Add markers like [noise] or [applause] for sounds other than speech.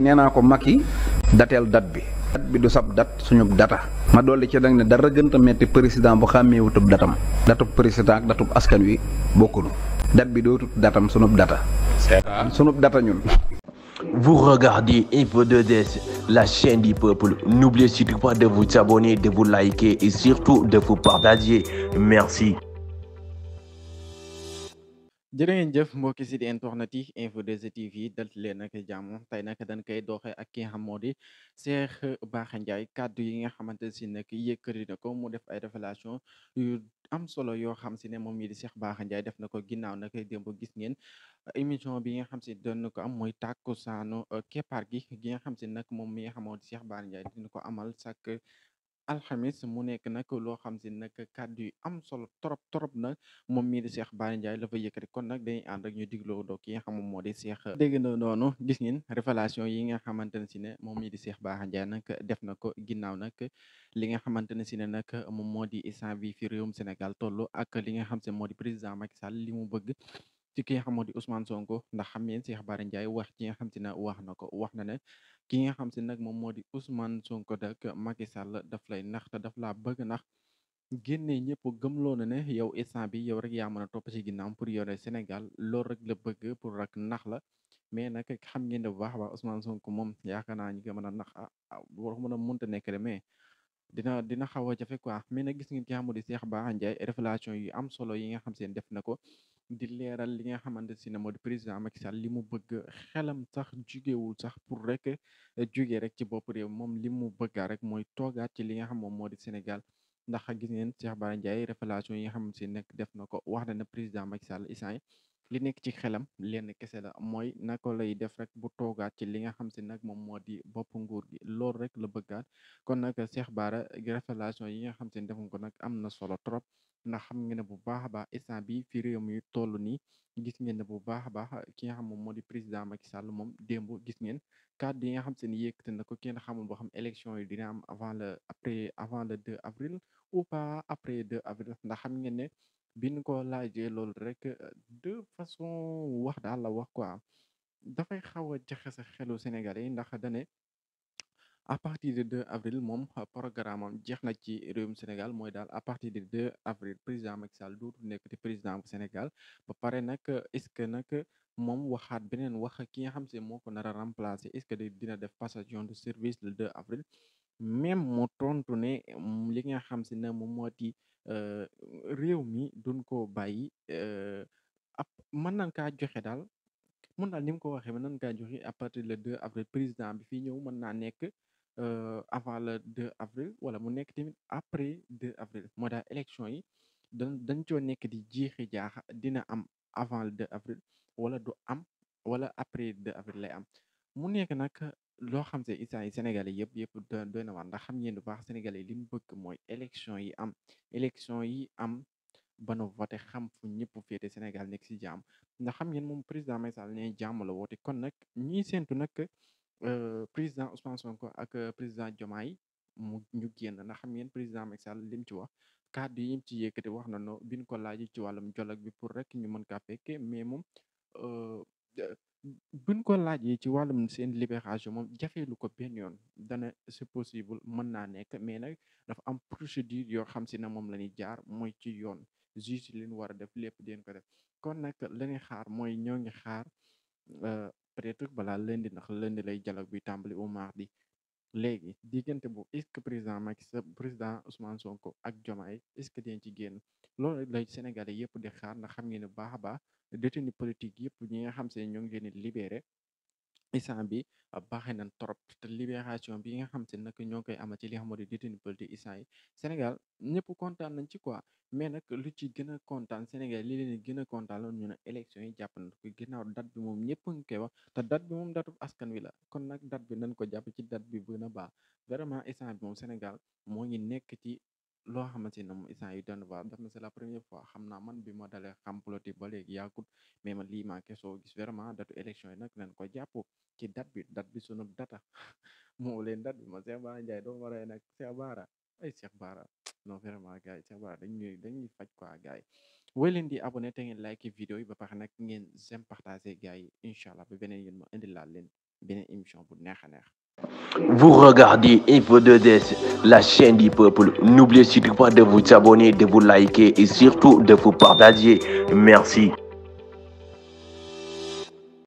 nee naa ko Macky datel date bi dat bi du sab date suñu data ma dolli ci nag ne dara gënta metti président bu xàmmeewutub datam datub président ak datub askan wi bokkunu dat bi tut datam sunub data sunub data ñun Vous regardez Info 2S, la chaîne du peuple. N'oubliez surtout pas de vous abonner, de vous liker et surtout de vous partager. Merci. jërë ngeen jëf mbokki si di Info 2S TV dal leen nag jàmm tey nag dañ koy doxee ak ki nga xam moo di Cheikh Bara Ndiaye kàddu yi nga xamante si nag yëkkati na ko mu def ay révélation yu am solo yoo xam si ne moom mii di Cheikh Bara Ndiaye def na ko ginnaaw nag démb gis ngeen émission bi nga xam si doon na ko am mooy tàkkusaanu keppaar gi gi nga xam si nag moom mi nga xamoo di Cheikh Bara Ndiaye dina ko amal chaque alxamis mu nekk nag loo xam si nag kàddu yi am solo trop trop nag moom mii di Cheikh Bara Ndiaye la fa yëkkati kon nag dañuy ànd ak ñu digloo doo ki nga xam moom moo di Cheikh dégg na noonu gis ngeen révélation yi nga xamante ne si ne moom mii di Cheikh Bara Ndiaye nag def na ko ginnaaw nag li nga xamante ne si ne nag moom moo di instant bi fi réewum Sénégal toll ak li nga xam se moo di président Macky Sall li mu bëgg ci ki nga xam moo di Ousmane Sonko ndax xam ngeen Cheikh Bara Ndiaye wax ci nga xam si ne wax na ko wax na ne ki nga xam si nag moom moo di Ousmane Sonko dak Macky Sall daf lay nax te daf laa bëgg nax génnee ñëpp gëmloo na ne yow instant bi yow rek yaa mën a topp ci ginnaaw pour yore Sénégal loolu rek la bëgg pour rak nax la mais nag xam ngeen ne bu baax a baax Ousmane Sonko moom yaakaar naa ñu ko mën a nax ah, ah war mën a mënta nekk mais dina dina xaw a jafe quoi mais nag gis ngeen ki nga di Cheikh Bara Ndiaye révélation yu am solo yi nga xam seen def na ko di leeral li nga xamante si ne moo di président Macky li mu bëgg xelam sax jugewul sax pour rek eh, jugee rek ci bopp réew moom li mu bëgga rek mooy toogaat ci li nga xam moom moo di Sénégal ndax gis ngeen Cheikh Bara Ndiaye révélation yi nga xam si nekk def na ko wax na président Macky Sall isaan li nekk ci xelam lenn kese la mooy nako lay def rek bu toogaat ci li nga xam si nag moom moo di bopp nguur gi loolu rek la bëggaat kon nag Cheikh Bara révélation yi nga xam si ne defuñ ko nag am na solo trop ndax xam ngeen ne bu baax a baax instant bi fi mi toll nii gis ngeen ne bu baax a baax ki nga xam moom moo di président Macky Sall moom démb gis ngeen kàddu yi nga xam seen yëkkati na ko kenn xamul boo xam élection yi dina am avant le après avant le 2 avril ou pas après 2 avril ndax xam ngeen ne biñ ko laajee loolu rek euh, de façon wax daal la wax quoi dafay xaw a jaxase xelu Sénégalais ndax dane à partir de 2 avril mom programme am jeex ci réewum Sénégal moy dal à partir de 2 avril président Macky Sall dootul nek président du Sénégal ba paré nak est-ce que nak mom waxat benen wax ki nga xam se moo remplacer est-ce que dina def passation de service le 2 avril même mu tontu ne mm, li nga xam ci ne moom moo di euh, réew mi duñ ko bàyyi euh, ab man nan ka joxe dal mon dal nim ko à partir le 2 avril président bi fi ñëw man na nek Heu, avant le 2 avril wala mu nekk tamit après 2 avril moo tax yi dañ dañ coo nekk di jiixi jaaxa dina am avant le 2 avril wala du am wala après 2 avril lay am. Mu nekk nag loo xam te instant yi sénégalais yëpp yëpp doy doy na waar ndax xam ngeen bu baax sénégalais yi li mu bëgg mooy élection yi am élection yi am ba nu voté xam fu ñëpp féete Sénégal nekk si jàmm ndax xam ngeen moom président Macky Sall nee jàmm la woote kon nag ñiy séentu nag Euh, président Ousmane ko ak euh, président Diomaye mu ñu génn na xam ngeen président Macky Sall lim ci wax kàddu yi mu ci yëkkati wax na no biñ ko laaj ci wàllum jolog bi pour rek ñu mën kaa fekke mais moom euh, buñ ko laajee ci wàllum seen libération moom jafeelu ko benn yoon dana c'est possible mën naa nekk mais nag dafa am procédure yoo xam si na moom la ñuy jaar mooy ci yoon juge leen war a def lépp den ko def kon nag la xaar mooy ñoo ngi xaar peut-être balaa lundi ndax lundi lay dialogue bi tàmbali au mardi léegi diggante bu est-ce que président Macky Sall président Ousmane Sonko ak Diomaye est-ce que dinañ ci génn loolu lay Sénégalais yëpp di xaar na xam ngeen ne baax a baax détenu politique yëpp ñi nga xam se ñoo ngi leen libéré isaan bi ah, baaxee nañ trop te libération bi nga xam te nag ñoo koy ama ci li nga xamante détenu politique isaan yi Sénégal ñëpp kontaan nañ ci quoi mais nag lu ci gën a kontaan Sénégal li leen gën a kontaan loolu ñu ne élection yi jàpp nañ ko ginnaaw date bi moom ñëpp nga koy wax te date bi moom datu askan wi la kon nag dat bi nañ ko jàpp ci date bi gën a baax vraiment isaan bi moom Sénégal moo nekk ci loo xamante ne moom instant yi doon waar def na c'est la première fois xam naa man bi ma xam politique ba léegi yàggut mais man lii manqué soo gis datu élection ko jàpp ci date bi date bi sunu data [laughs] moo leen date bi ma Cheikh Bara Ndiaye doo waree nag Cheikh Bara ay Cheikh Bara non vraiment gars yi Cheikh Bara dañuy dañuy faj quoi gars yi woy leen di abonné te ngeen like vidéo yi ba pare nag ngeen sem partagé gars yi incha allah ba beneen yéen ma indi laa leen beneen émission bu neex a neex la chaîne du peuple. N'oubliez surtout pas de vous abonner, de vous liker et surtout de vous partager. Merci.